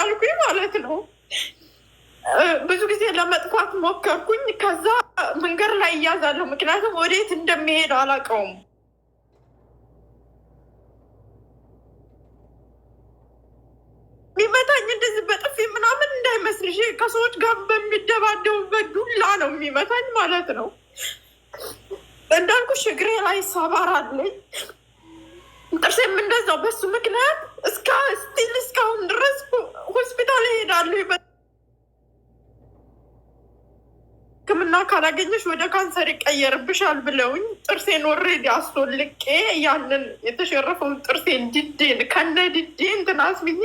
እያልኩኝ ማለት ነው። ብዙ ጊዜ ለመጥፋት ሞከርኩኝ። ከዛ መንገድ ላይ እያዛለሁ፣ ምክንያቱም ወዴት እንደሚሄድ አላውቀውም። የሚመታኝ እንደዚህ በጥፊ ምናምን እንዳይመስልሽ፣ ከሰዎች ጋር በሚደባደቡበት ዱላ ነው የሚመታኝ ማለት ነው። እንዳልኩሽ እግሬ ላይ ሰባር አለኝ። ጥርሴም እንደዛው በሱ ምክንያት እስከ ስቲል እስካሁን ድረስ ያሉ ሕክምና ካላገኘሽ ወደ ካንሰር ይቀየርብሻል ብለውኝ ጥርሴን ወሬድ አስወልቄ ያንን የተሸረፈውን ጥርሴን ድዴን ከነ ድዴ እንትናስ ብዬ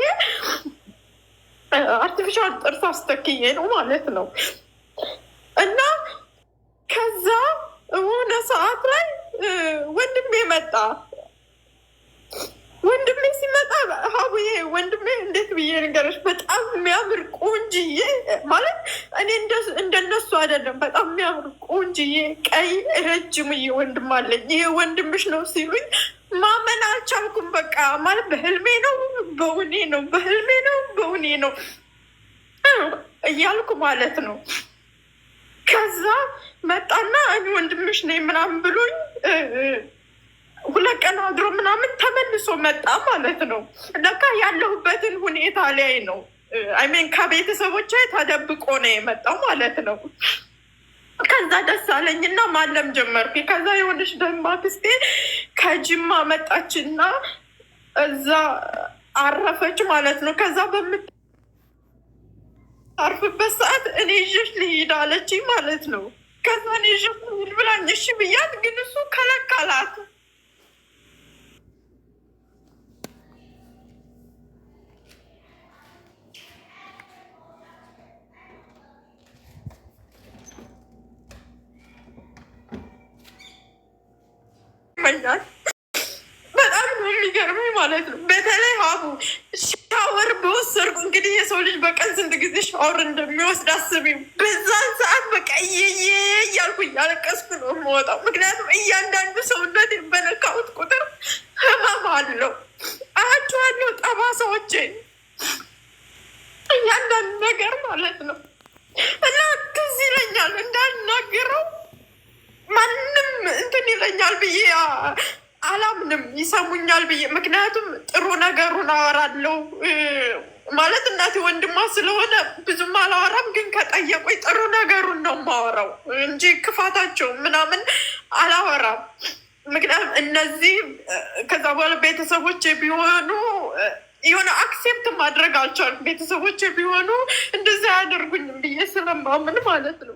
አርቲፊሻል ጥርስ አስተክዬ ነው ማለት ነው እና ከዛ የሆነ ሰዓት ላይ ወንድሜ መጣ። ወንድሜ እንዴት ብዬ ነገሮች በጣም የሚያምር ቆንጅዬ ማለት እኔ እንደነሱ አይደለም። በጣም የሚያምር ቆንጅዬ ቀይ ረጅምዬ ወንድም አለኝ። ይሄ ወንድምሽ ነው ሲሉኝ ማመን አልቻልኩም። በቃ ማለት በህልሜ ነው በውኔ ነው በህልሜ ነው በውኔ ነው እያልኩ ማለት ነው። ከዛ መጣና እኔ ወንድምሽ ነኝ ምናምን ብሎኝ ቀን አድሮ ምናምን ተመልሶ መጣ ማለት ነው። ለካ ያለሁበትን ሁኔታ ላይ ነው አይሜን ከቤተሰቦች ተደብቆ ነው የመጣው ማለት ነው። ከዛ ደስ አለኝና ማለም ጀመርኩ። ከዛ የሆነች ደማ ከጅማ መጣችና እዛ አረፈች ማለት ነው። ከዛ በምታርፍበት ሰዓት እኔ ይዤሽ ልሂድ አለችኝ ማለት ነው። ከዛ እኔ ይዤሽ ልሂድ ብላኝ እሺ ብያት፣ ግን እሱ ከለከላት። ይገርመኛል። በጣም ነው የሚገርመኝ ማለት ነው። በተለይ ሀቡ ሻወር በወሰድኩ እንግዲህ የሰው ልጅ በቀን ስንት ጊዜ ሻወር እንደሚወስድ አስቢው። በዛን ሰዓት በቃ እየየ እያልኩ እያለቀስኩ ነው የምወጣው። ምክንያቱም እያንዳንዱ ሰውነት በነካሁት ቁጥር ህመም አለው። አያቸዋለሁ ጠባሳዎቼ፣ እያንዳንዱ ነገር ማለት ነው እና ትዝ ይለኛል እንዳናግረው ማንም እንትን ይለኛል ብዬ አላምንም። ይሰሙኛል ብዬ ምክንያቱም ጥሩ ነገሩን አወራለሁ ማለት እናቴ ወንድሟ ስለሆነ ብዙም አላወራም፣ ግን ከጠየቁኝ ጥሩ ነገሩን ነው የማወራው እንጂ ክፋታቸው ምናምን አላወራም። ምክንያቱም እነዚህ ከዛ በኋላ ቤተሰቦች ቢሆኑ የሆነ አክሴፕት ማድረግ አልቻልኩም። ቤተሰቦች ቢሆኑ እንደዚያ አያደርጉኝም ብዬ ስለማምን ማለት ነው።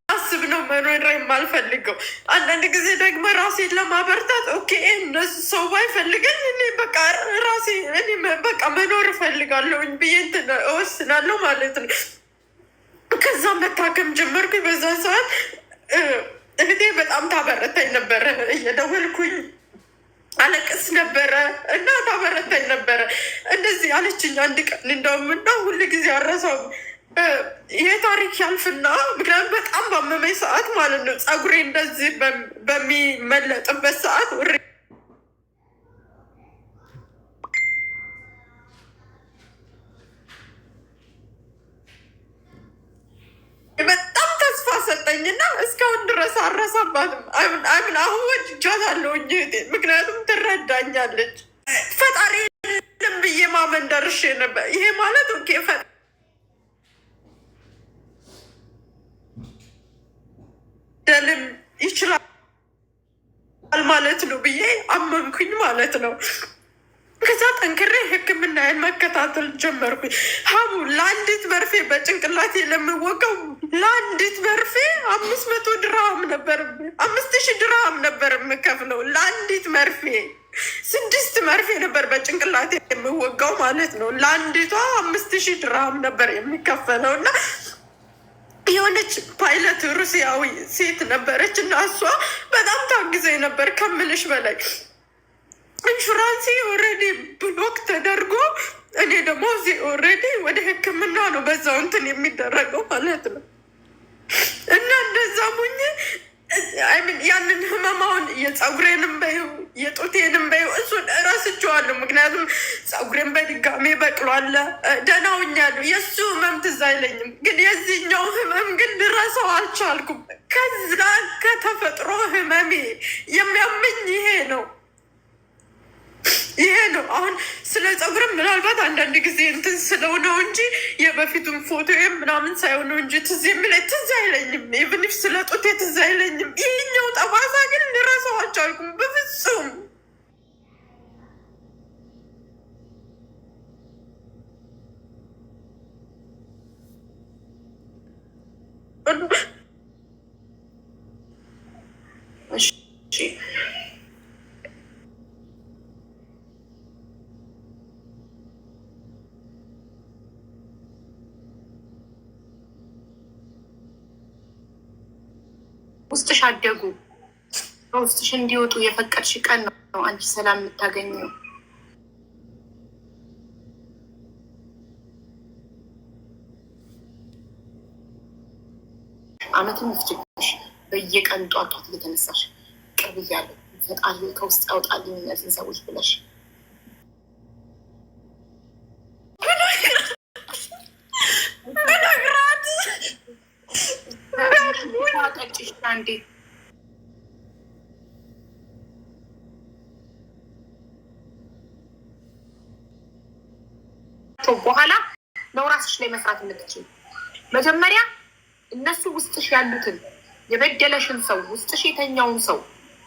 የማልፈልገው። አንዳንድ ጊዜ ደግሞ ራሴን ለማበርታት ኦኬ፣ እነሱ ሰው ባይፈልገኝ እኔ በቃ ራሴ እኔ በቃ መኖር እፈልጋለሁኝ ብዬ እወስናለሁ ማለት ነው። ከዛ መታከም ጀመርኩ። በዛ ሰዓት እህቴ በጣም ታበረታኝ ነበረ እየደወልኩኝ አለቅስ ነበረ እና ታበረታኝ ነበረ። እንደዚህ አለችኝ አንድ ቀን እንደውም እና ሁሉ ጊዜ አረሳው የታሪክ ታሪክ ያልፍና ምክንያቱም በጣም ባመመኝ ሰዓት ማለት ነው ፀጉሬ እንደዚህ በሚመለጥበት ሰዓት በጣም ተስፋ ሰጠኝና እስካሁን ድረስ አረሳባትም። አይምን አሁን ወድጃታለሁኝ እህቴ ምክንያቱም ትረዳኛለች። ፈጣሪ ልም ብዬ ማመን ደርሼ ነበር። ይሄ ማለት ኦኬ ገደልም ይችላል ማለት ነው ብዬ አመንኩኝ ማለት ነው። ከዛ ጠንክሬ ሕክምናዬን መከታተል ጀመርኩኝ። ሀቡ ለአንዲት መርፌ በጭንቅላት ለምወቀው ለአንዲት መርፌ አምስት መቶ ድርሃም ነበር አምስት ሺህ ድርሃም ነበር የምከፍለው ለአንዲት መርፌ ስድስት መርፌ ነበር በጭንቅላት የምወጋው ማለት ነው። ለአንዲቷ አምስት ሺህ ድርሃም ነበር የሚከፈለው እና የሆነች ፓይለት ሩሲያዊ ሴት ነበረች እና እሷ በጣም ታግዘኝ ነበር ከምልሽ በላይ ኢንሹራንስ ኦልሬዲ ብሎክ ተደርጎ እኔ ደግሞ እዚህ ኦልሬዲ ወደ ሕክምና ነው በዛው እንትን የሚደረገው ማለት ነው እና እንደዛ ሙኝ አይምን ያንን ህመማውን የፀጉሬንም በይው የጡቴንም በይው እሱን እረስቸዋለሁ። ምክንያቱም ፀጉሬን በድጋሜ በቅሏለ ደናውኛለሁ። የእሱ ህመም ትዝ አይለኝም፣ ግን የዚህኛው ህመም ግን ልረሳው አልቻልኩም። ከዛ ከተፈጥሮ ህመሜ የሚያመኝ ይሄ ነው ይሄ ነው አሁን ስለ ጸጉርም ምናልባት አንዳንድ ጊዜ እንትን ስለሆነው እንጂ የበፊቱን ፎቶ ምናምን ሳይሆነው እንጂ ትዝ የሚለ ትዝ አይለኝም። ኢቭኒፍ ስለ ጡቴ ትዝ አይለኝም። ይህኛው ጠባሳ ግን ልረሳዋቸው አልኩም በፍጹም። ውስጥሽ አደጉ በውስጥሽ እንዲወጡ የፈቀድሽ ቀን ነው አንቺ ሰላም የምታገኘው። አመት ይፍጅብሽ በየቀን ጧጧት እየተነሳሽ ቅርብ እያለ ፈጣሪ ከውስጥ ያውጣልኝ እነዚህን ሰዎች ብለሽ እንዴ? በኋላ ነው ራስሽ ላይ መስራት የምትችል። መጀመሪያ እነሱ ውስጥሽ ያሉትን የበደለሽን ሰው ውስጥሽ የተኛውን ሰው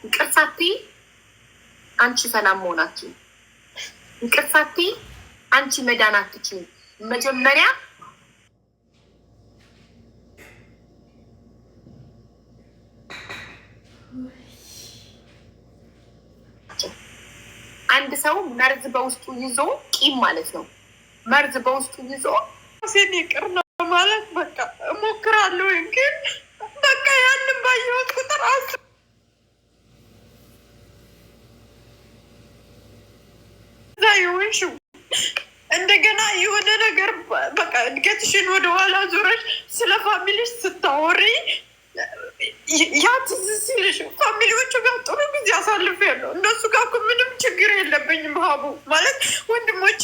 እንቅርሳቲ አንቺ ሰላም መሆናችን እንቅርሳቲ አንቺ መዳናትችን መጀመሪያ አንድ ሰው መርዝ በውስጡ ይዞ ቂም ማለት ነው። መርዝ በውስጡ ይዞ ሴን ይቅር ነው ማለት በቃ እሞክራለሁ፣ ግን በቃ ያንን ባየሁት ቁጥር አስ ይሆንሽ እንደገና የሆነ ነገር በቃ እድገትሽን ወደኋላ ዙረሽ ስለ ፋሚሊሽ ስታወሪ ያ ትዝ ሲልሽ ፋሚሊዎቹ ጋር ጥሩ ጊዜ አሳልፍ ያለው እነሱ ጋር እኮ ምንም ችግር የለብኝም። ሀቡ ማለት ወንድሞቼ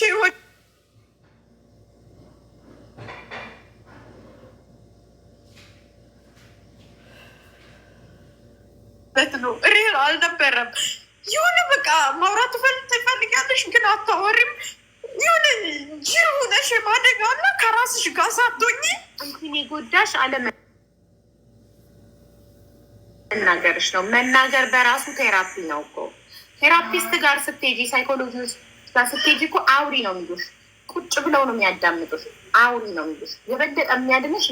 ነው ሪል አልነበረም። የሆነ በቃ ማውራት ትፈልጋለሽ ግን አታወሪም። የሆነ ጅር ሆነሽ ማደጋ እና ከራስሽ ጋር ሳቶኝ እንትን የጎዳሽ አለመ መናገርሽ ነው። መናገር በራሱ ቴራፒ ነው እኮ። ቴራፒስት ጋር ስትሄጂ፣ ሳይኮሎጂስት ጋር ስትሄጂ እኮ አውሪ ነው የሚሉሽ። ቁጭ ብለው ነው የሚያዳምጡሽ። አውሪ ነው የሚሉሽ። የበለጠ የሚያድንሽ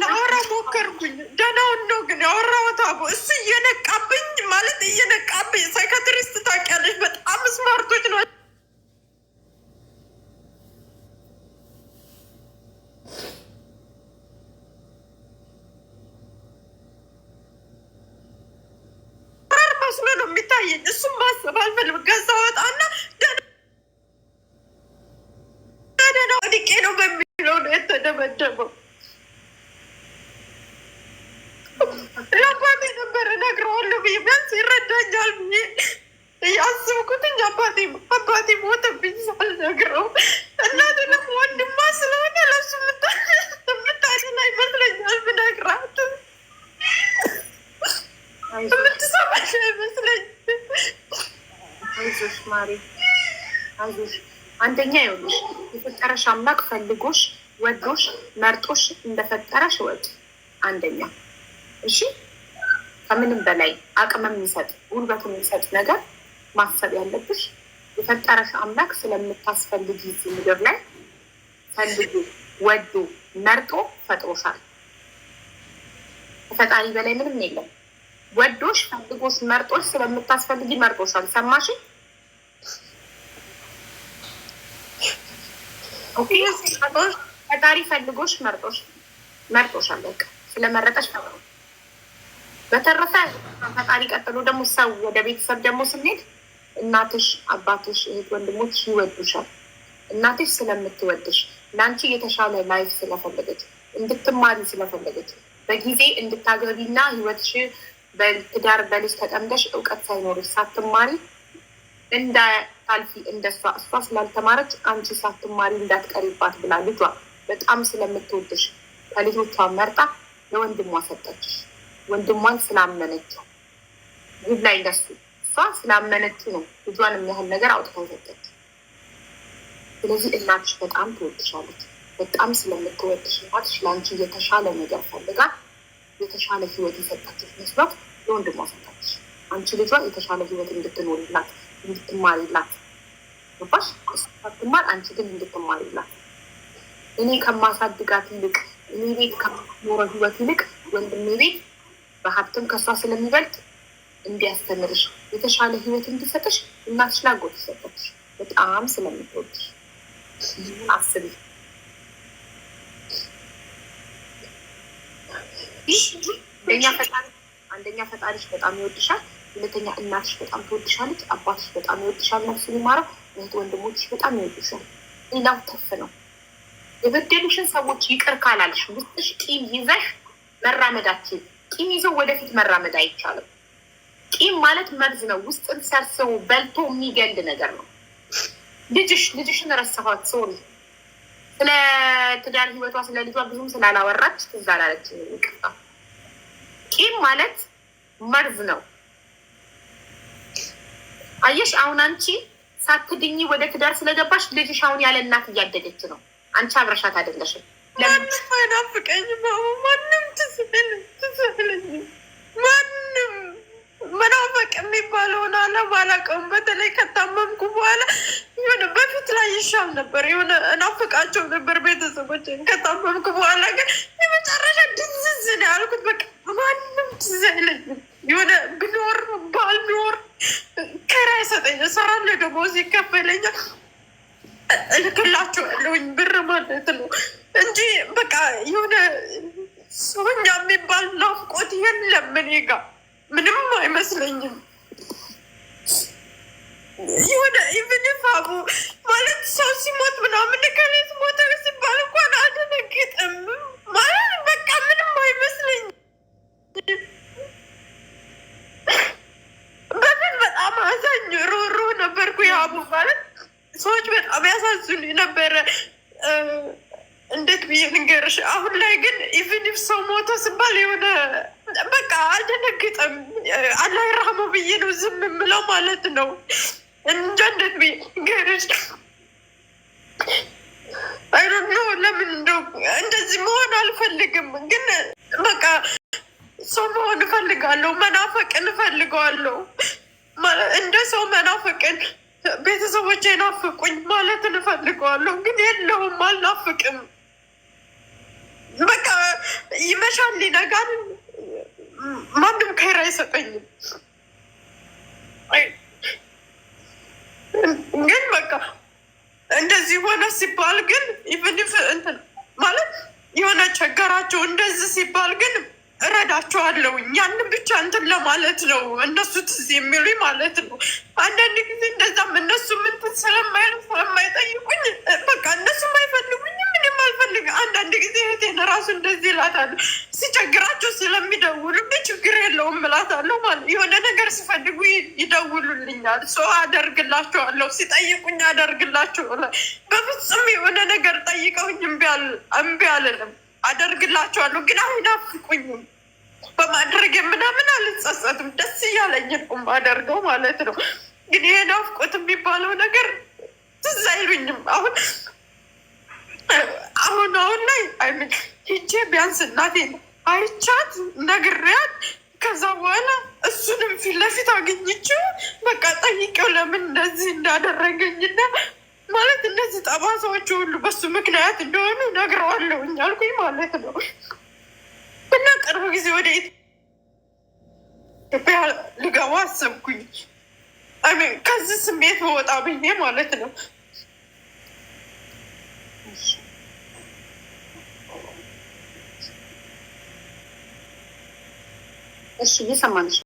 ለአውራ ሞከርኩኝ። ደህናውን ነው ግን ያወራሁት አቦ እሱ እየነቃብኝ ማለት እየነቃብኝ። ሳይካትሪስት ታውቂያለሽ፣ በጣም ስማርቶች ነው ወድቄ ነው በሚለው ነው የተደበደበው። ለአባቴ ነበር እነግረዋለሁ ብዬ ቢያንስ ይረዳኛል ብዬ እያስብኩትኝ አባቴ አባቴ ሞተብኝ ሳልነግረው እናቴ ደግሞ ወንድማ ስለሆነ ለሱ የምታድን አይመስለኛል ብነግራት የምትሰማሽ አይመስለኝ። አይዞሽ ማሪ አይዞሽ አንደኛ ይኸውልሽ የፈጠረሽ አምላክ ፈልጎሽ ወዶሽ መርጦሽ እንደፈጠረሽ ወድ አንደኛ እሺ ከምንም በላይ አቅም የሚሰጥ ጉልበት የሚሰጥ ነገር ማሰብ ያለብሽ የፈጠረሽ አምላክ ስለምታስፈልጊ እዚህ ምድር ላይ ፈልጉ ወዶ መርጦ ፈጥሮሻል። ከፈጣሪ በላይ ምንም የለም። ወዶሽ ፈልጎሽ መርጦሽ ስለምታስፈልጊ መርጦሻል። ሰማሽኝ? ፈጣሪ ፈልጎሽ መርጦሽ መርጦሻል። በቃ ስለመረጠሽ በተረፈ ፈጣሪ ቀጥሎ ደግሞ ሰው ወደ ቤተሰብ ደግሞ ስንሄድ እናትሽ፣ አባትሽ፣ እህት ወንድሞች ይወዱሻል። እናትሽ ስለምትወድሽ ለአንቺ የተሻለ ላይፍ ስለፈለገች እንድትማሪ ስለፈለገች በጊዜ እንድታገቢና ህይወትሽ በትዳር በልጅ ተጠምደሽ እውቀት ሳይኖርሽ ሳትማሪ እንደ አልፊ እንደሷ እሷ ስላልተማረች አንቺ ሳትማሪ እንዳትቀሪባት ብላ ልጇ በጣም ስለምትወድሽ ከልጆቿ መርጣ ለወንድሟ ሰጠችሽ። ወንድሟን ስላመነችው ጉድ ላይ ደሱ እሷ ስላመነችው ነው ልጇን የሚያህል ነገር አውጥታ ሰጠች። ስለዚህ እናትሽ በጣም ትወድሻለች። በጣም ስለምትወድሽ እናትሽ ለአንቺ የተሻለ ነገር ፈልጋ የተሻለ ህይወት የሰጣችሽ መስሏት ለወንድሟ ሰጣችሽ። አንቺ ልጇ የተሻለ ህይወት እንድትኖርላት እንድትማሪላት ባሽ ትማር አንቺ ግን እንድትማሪላት እኔ ከማሳድጋት ይልቅ እኔ ቤት ከኖረ ህይወት ይልቅ ወንድሜ ቤት በሀብትም ከሷ ስለሚበልጥ እንዲያስተምርሽ የተሻለ ህይወት እንዲሰጥሽ እናትሽ ላጎ ትሰጠች በጣም ስለምትወድሽ አስቢ። ፈጣሪ አንደኛ ፈጣሪሽ በጣም ይወድሻል። ሁለተኛ እናትሽ በጣም ትወድሻለች፣ አባትሽ በጣም ይወድሻል፣ ነፍሱን ይማረው፣ እህት ወንድሞች በጣም ይወዱሻል። ሌላው ተፍ ነው። የበደሉሽን ሰዎች ይቅር ካላልሽ ውስጥሽ ቂም ይዘሽ መራመዳችን ቂም ይዘው ወደፊት መራመድ አይቻልም። ቂም ማለት መርዝ ነው። ውስጥን ሰርሰው በልቶ የሚገል ነገር ነው። ልጅሽ ልጅሽን ረሳኋት ሰው ስለ ትዳር ህይወቷ ስለ ልጇ ብዙም ስላላወራች ትዛላለች። ይቅርታ ቂም ማለት መርዝ ነው። አየሽ አሁን አንቺ ሳትድኝ ወደ ትዳር ስለገባሽ ልጅሽ አሁን ያለ እናት እያደገች ነው። አንቺ አብረሻት አይደለሽም። ማንም አይናፍቀኝም። ማንም ማንም መናፈቅ የሚባለውን በተለይ ከታመምኩ በኋላ የሆነ በፊት ላይ ይሻል ነበር፣ የሆነ እናፍቃቸው ነበር ቤተሰቦች። ከታመምኩ በኋላ ግን ስትሉኝ ነበረ። እንዴት ብዬ ልንገርሽ? አሁን ላይ ግን ኢቭን ኢፍ ሰው ሞቶ ስባል የሆነ በቃ አልደነግጥም። አላህ ይርሐመው ብዬ ነው ዝም የምለው ማለት ነው። እንጃ እንዴት ብዬ ልንገርሽ? አይዶኖ ለምን እንደው እንደዚህ መሆን አልፈልግም፣ ግን በቃ ሰው መሆን እፈልጋለሁ። መናፈቅን እፈልገዋለሁ፣ እንደ ሰው መናፈቅን ቤተሰቦች ናፍቁኝ ማለት እንፈልገዋለሁ፣ ግን የለውም፣ አልናፍቅም። በቃ ይመሻል፣ ይነጋል፣ ማንም ከራ አይሰጠኝም። ግን በቃ እንደዚህ ሆነ ሲባል ግን ኢቨን እንትን ማለት የሆነ ቸገራቸው እንደዚህ ሲባል ግን እረዳቸዋለሁ። ያንን ብቻ እንትን ለማለት ነው እነሱ ትዝ የሚሉ ማለት ነው። አንዳንድ ጊዜ እንደዛም እነሱ ምንትን ስለማይሉ ስለማይጠይቁኝ በቃ እነሱ አይፈልጉኝ ምንም አልፈልግ። አንዳንድ ጊዜ እህቴን ራሱ እንደዚህ እላታለሁ። ሲቸግራቸው ስለሚደውሉብኝ ችግር የለውም እላታለሁ። ማለት የሆነ ነገር ሲፈልጉ ይደውሉልኛል። ሶ አደርግላቸዋለሁ። ሲጠይቁኝ አደርግላቸው። በፍጹም የሆነ ነገር ጠይቀውኝ እምቢ አልልም። አደርግላቸዋለሁ። ግን አይናፍቁኝም። በማድረግ ምናምን አልጸጸትም። ደስ እያለኝ አደርገው ማለት ነው። ግን ይሄ ናፍቆት የሚባለው ነገር ትዝ አይሉኝም። አሁን አሁን አሁን ላይ አይምን ሂጄ ቢያንስ እናቴ አይቻት ነግሬያት ከዛ በኋላ እሱንም ፊት ለፊት አገኘችው። በቃ ጠይቄው ለምን እንደዚህ እንዳደረገኝና ማለት እነዚህ ጠባሳዎች ሁሉ በሱ ምክንያት እንደሆኑ ነግረዋለሁ እኛልኩኝ ማለት ነው። እና ቅርብ ጊዜ ወደ ኢትዮጵያ ልገባ አሰብኩኝ። ከዚህ ስሜት መወጣ ብዬ ማለት ነው። እሺ እየሰማንሽ